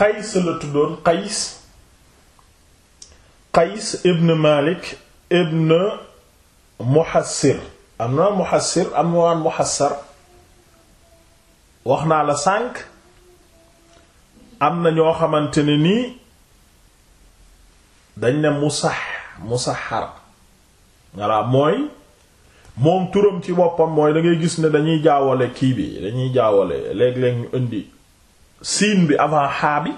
qays la tuddoon qays qays ibn malik ibn muhassir am na muhassir am na waan wax naa la sànq am na ñoo xamante ne nii dañ ne musax musaxar voilà mooy moom turam ci boppam mooy da ngay gis ne dañuy jaawale kii bi dañuy jaawale léeg-léeg ñu indi siin bi avant xaa bi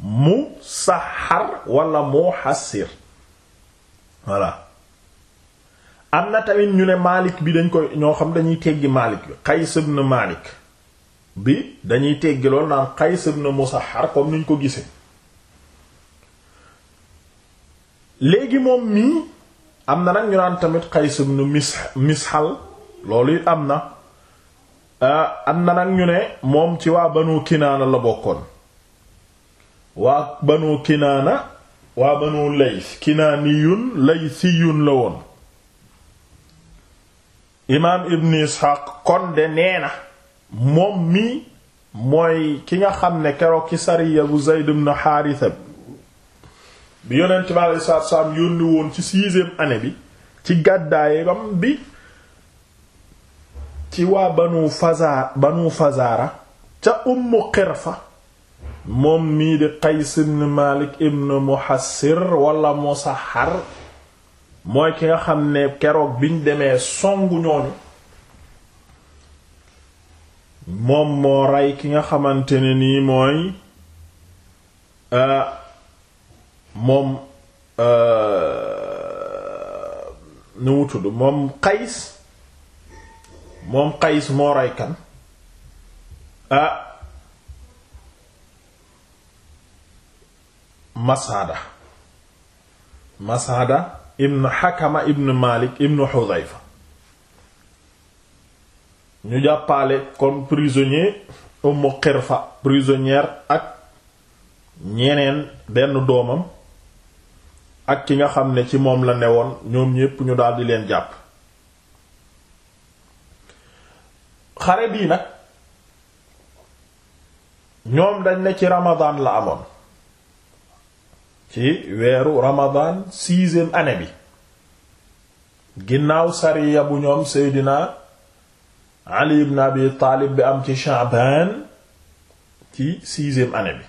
mu saxar wala voilà am na tamit ñu ne Malik bi dañ koy ñoo xam dañuy teggi Malik bi Qays ibn Malik bi dañuy teggi lool naan Qays ibn Musahhar comme niñ ko gisee léegi moom mii am na nag ñu naan tamit Qays ibn Mis Mishal loolu it am na Ah, am na nag ñu ne moom ci waa banu kinaana la bokkoon waa banu kinaana waa banu lays kinaaniyun laysiyun la woon imaam ibn isxaaq kon de nee na moom mi mooy ki nga xam ne keroog ci sariya bu zayd ibn xaarisa bi yonent bi alei saatu salaam yónni ci sixième année bi ci gàddaaye bi ci waa banu fazaar fazaara ca ummu xirfa moom mii di qays ibn malik ibn muhassir wala musaxar mooy ki nga xam ne keroog biñ demee songu ñooñu moom moo rey ki nga xamante ne nii mooy euh, moom euh, nu mu tudd moom qays moom Qays moo rey kan ah Masada Masada Hakama ibn Malik ibn Hudhayfa ñu jàppale comme prisonnier Umm Qirfa prisonnière ak ñeneen benn doomam ak ki nga xam ne ci moom la newoon ñoom ñépp ñu daldi leen jàpp xare bii nag ñoom dañ ne ci ramadan la amoon ci weeru ramadan sixième année bi ginnaaw sariya bu ñoom seydina ali ibn abi taalib bi am ci sha'ban ci sixième année bi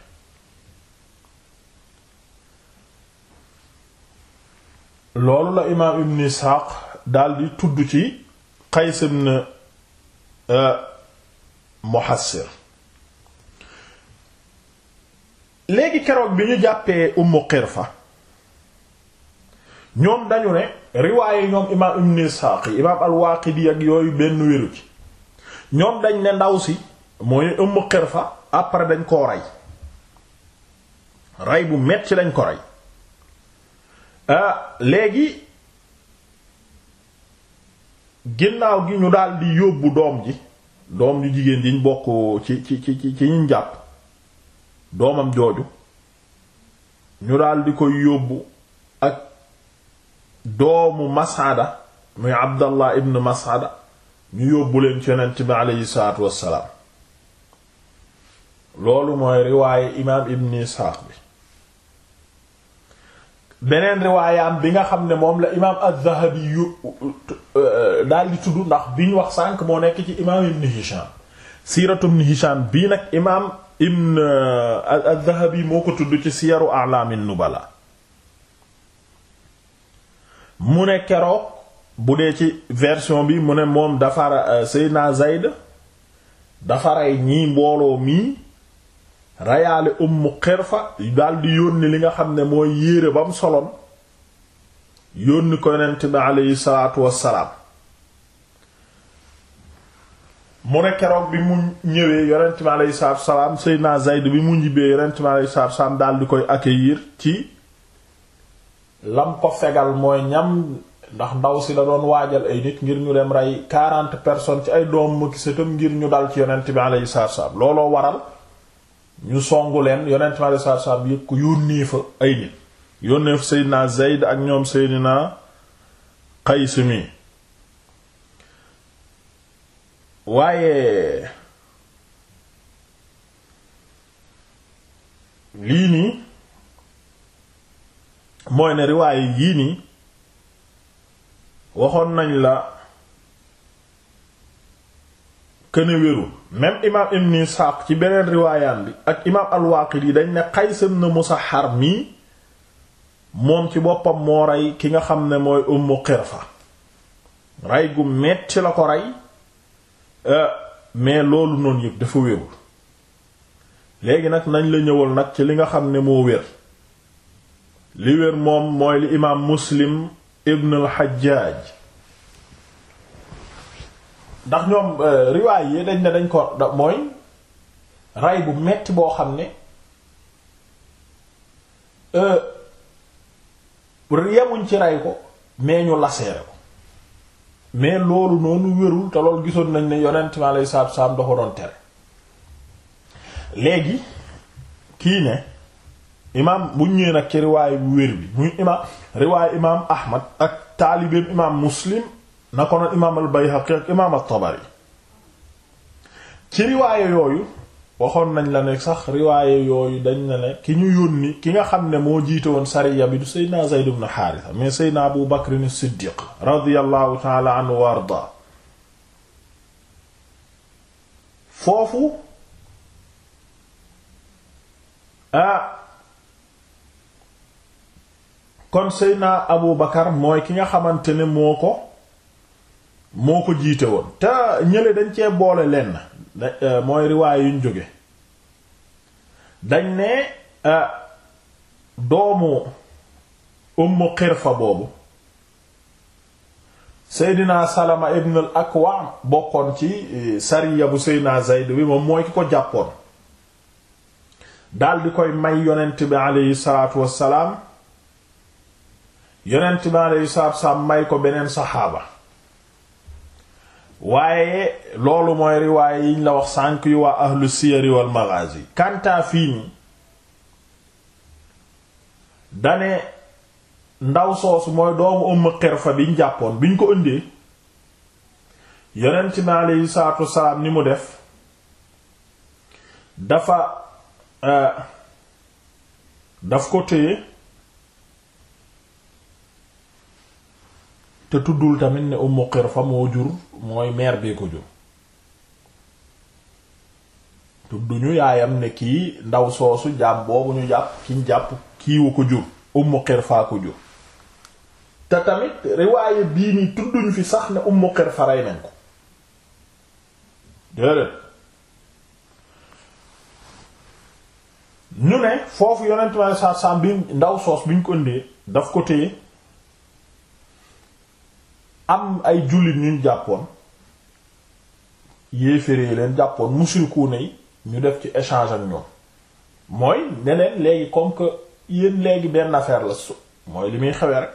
loolu la imaam ibn isxaaq daldi tudd ci qays ibn Euh, muhassir léegi keroog bi ñu jàppee ummu qirfa ñoom dañu ne riwaaye ñoom imaam ibn Isxaaq yi imaam al ak yooyu benn wéru ci ñoom dañ ne ndaw si mooy ummu fa après dañ koo rey rey bu metti lañ ko rey euh, léegi ginnaaw gi ñu daldi yóbbu doom ji doom ju jigéen ji bokk ci ci ci ci ñu jàpp doomam jooju ñu daal di koy yóbbu ak doomu Mas'ada muy Abdallah ibn Mas'ada ñu yóbbu leen ci yonent bi aleyhi salaatu wassalaam loolu mooy riwaaye imaam ibn Isxaaq bi beneen riwaayam bi nga xam ne moom la imaam az-Zahabi yu euh, daal tudd ndax bi ñu wax sànq moo nekk ci imaam Ibn Hisham siiratu Ibn Hisham bii nag imaam Ibn euh, az-Zahabi moo ko tudd ci siyaru nu bala mu ne kero bu dee ci version bi mu ne moom dafa euh, Seydina Zayd dafa ñii mbooloo mii rayaale ummu xirfa daldi yónni li nga xam ne mooy yéere mu soloon yónni ko yonent bi aleyhi salaatu wassalaam mu ne keroog bi mu ñëwee yonent bi aleyhi salaatu wassalaam Seydina Zayd bi mu ñibbee yonent bi aleyhi salaatu wassalaam daldi koy accueillir ci lam ko fegal mooy ñam ndax ndaw si la doon waajal ay nit ngir ñu dem rey quarante personnes ci ay doom ma gisatam ngir ñu dal ci yonent bi aleyhi salaatu wassalaam looloo waral ñu songu leen yonent mi alayhi salaatu salaam yëpp yónnee fa ay nit yónnee fa Seydina Zayd ak ñoom Seydina Qays mi waaye lii nii mooy ne riwaaye yii nii waxoon nañ la këne wérul même imaam ibn Isxaaq ci beneen riwaayaan bi ak imaam al-Waaqidi dañ ne na ibn Musahhar mii moom ci boppam moo rey ki nga xam ne mooy Ummu Qirfa rey gu metti la ko rey euh, mais loolu noonu yëpp dafa wérul léegi nag nañ la ñëwal nag ci li nga xam ne moo wér li wér moom mooy li imaam Muslim ibn al ndax ñoom euh, riwaay yi dañ ne dañ ko mooy ray bu metti boo xam ne euh, yemuñ ci ray ko mais ñu laseere ko mais loolu noonu wérul te loolu gisoon nañ ne yonent mi alayhi salaatu salaam da ko doon tere léegi kii ne imaam bu ñëwee nag ci riwaayu wér bi muy imaam riwaayu imaam Ahmad ak taalibeem imaam Muslim na ko noon imaam al-Bayhaqi ak imaam tabari ci riwaaye yooyu waxoon nañ la ne sax riwaaye yooyu dañ na ne ki ñu yónni ki nga xam ne moo jiite woon sariya bi du Seydina Zayd ibn Haarisa mais Seydina Abu Bakr as-Siddiq radiyallahu ta'ala anhu wa foofu kon Seydina Abu Bakar mooy ki nga xamante ne moo ko moo ko jiite woon te ñële dañ cee boole lenn euh, mooy riwaay yuñ jóge dañ ne euh, doomu umm xirfa boobu seydina salama ibn akwa bokkoon ci euh, sariya bu seydina zayd bi moom mooy ki ko jàppoon dal di koy may yonent bi aleyhi salaatu wassalaam yonent bi aleyhi salaatu wassalaam may ko beneen saxaaba waaye loolu mooy riwaaye yiñ la wax sànk yu waa ahlu siyari wal maghazi kantaa fii ni dane ndaw soosu mooy doomu umm xirfa biñ jàppoon biñ ko ëndee yonent bi aleyhi salaatu wasalaam ni mu def dafa euh, daf ko téye te tuddul tamit ne umm xirfa moo jur mooy mère bee ko jur tudduñu yaayam ne kii ndaw soosu jaam boobu ñu jàpp kiñ jàpp kiiwu ko jur ummu xirfaa ko jur te tamit riwaaye bii nii tudduñu fi sax ne ummu xirfa rey nañ ko déedéet ñu ne foofu yonent ma sa sam bi ndaw soos bi ñu ko ëndee daf ko téye am ay jullit ñu jàppoon yéefére yi leen jàppoon mushrikuuna yi ñu def ci échange ak ñoom mooy ne léegi comme que yéen léegi benn affaire la su mooy li muy xewee rek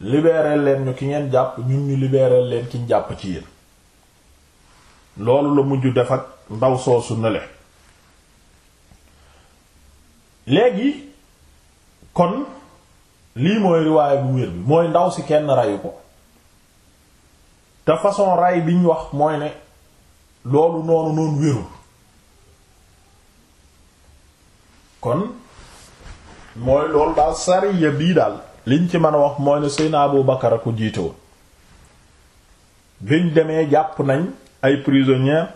libérer leen ñu ki ngeen jàpp ñun ñu libérer leen ci jàpp ci yéen loolu la mujj def ak ndaw soosu ne léegi kon lii mooy riwaaya bu wér bi mooy ndaw si kenn rayu ko te façon ray biñ wax mooy ne loolu noonu noonu wérul kon mooy loolu daal sariya bii daal liñ ci mën a wax mooy ne Seydina Abu Bakar a ko jiite woon demee jàpp nañ ay prisonniers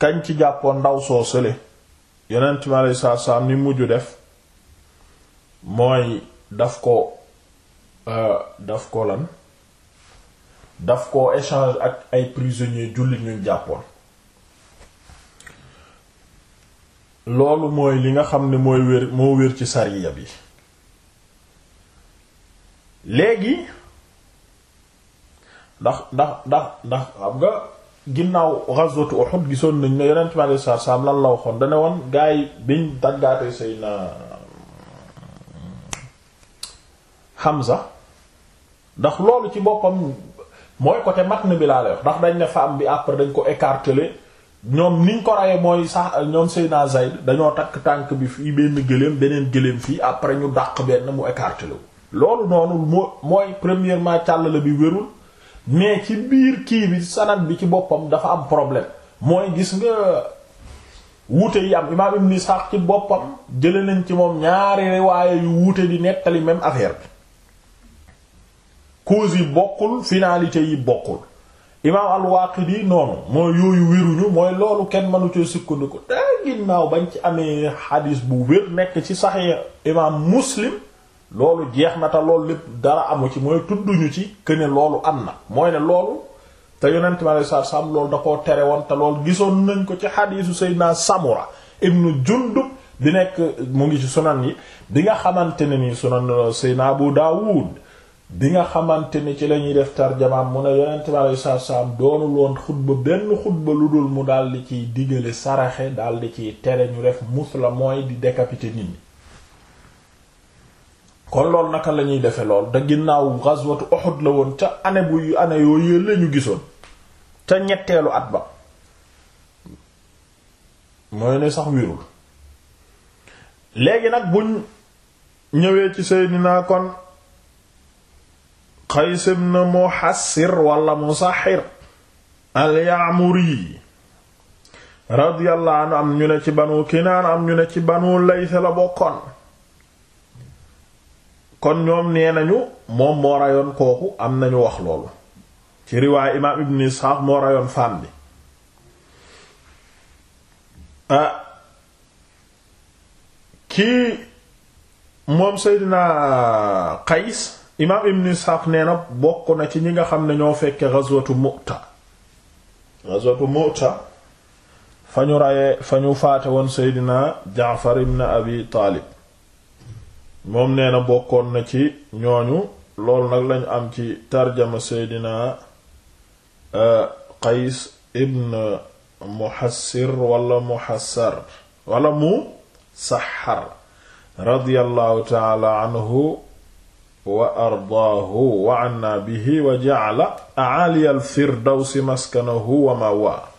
kañ ci jàppoon ndaw soo sële yonent mi aleyhi salaatu ni mujj def mooy daf ko euh, daf ko lan daf ko échange ak ay prisonniers jullit ñu jàppoon loolu mooy li nga xam ne mooy wér moo wér ci sariya bi léegi ndax ndax ndax ndax xam nga ginnaaw ghazwatu Uhud gisoon nañ ne yonent bi alayhi salaatu salaam lan la waxoon dane woon gaa yi biñ daggaate Seydina Hamza ndax loolu ci boppam mooy côté matn bi laa lay wax ndax dañ ne femme bi après dañ ko écartelé ñoom niñ ko raye mooy sax ñoom Seydina Zayd dañoo takk tànk bi fii benn gëléem beneen gëléem fii après ñu dàq benn mu écartelé wu. loolu noonu moo mooy premièrement càll la bi wérul mais ci biir kii bi sanad bi ci boppam dafa am problème mooy gis nga. wuute yi am imaam ibn Ishaq ci boppam jële nañ ci moom ñaari riwaaya yu wuute di nettali même affaire bi cause yi bokkul finalité yi bokkul imaam al noonu mooy yooyu wéruñu mooy loolu kenn mënu cee sukkandiku da ginnaaw bañ ci amee xadis bu wér nekk ci Sahih imaam Muslim loolu jeex na te loolu lépp dara amu ci mooy tudduñu ci que loolu am na mooy ne loolu te yonent mi alayhi salaatu salaam loolu da koo tere woon te loolu gisoon nañ ko ci xadisu Seydina Samura ibnu Jundub bi nekk mu ngi ci sunan yi bi nga xamante ne ni sunan uh, Seydina Abu Daawud bi nga xamante ni ci lañuy def tarjamaam mu ne yonent bi alei saatu salaam doonul woon xutba benn xutba lu dul mu daldi ciy digale saraxe daldi ciy tere ñu def mus la mooy di décapiter nit ñi kon loolu naka lañuy defe lool da ginnaaw ghazwatu Uhud la woon ca année bu année yooyu la ñu gisoon ca ñetteelu at ba mooy ne sax wirul léegi nag buñ ñëwee ci Seydina kon Qays ibn Muhassir wala Musahhir al-Ya'muri radiyallahu anhu am ñu ne ci banu Kinaan am ñu ne ci banu Layth la bokkoon kon ñoom nee nañu moom moo rayoon kooku am nañu wax loolu ci riwaay imaam Ibn Isxaaq moo rayoon fàmm bi ah, kii moom Seydina Qays imaam ibn Ishaq nee na bokk na ci ñi nga xam ne ñoo fekkee ghazwatu Mu'ta ghazwatu fa ñu rayee fa ñu faate woon Seydina Jaafar ibn Abi Taalib moom nee na bokkoon na ci ñooñu loolu nag lañu am ci tarjama Seydina euh, Qays ibn Muhassir wala Muhassar wala mu Sahar radiyallahu taala anhu wa ardaahu wa anna bihi wa ja'ala a'ali al-firdawsi maskanahu wa ma'waahu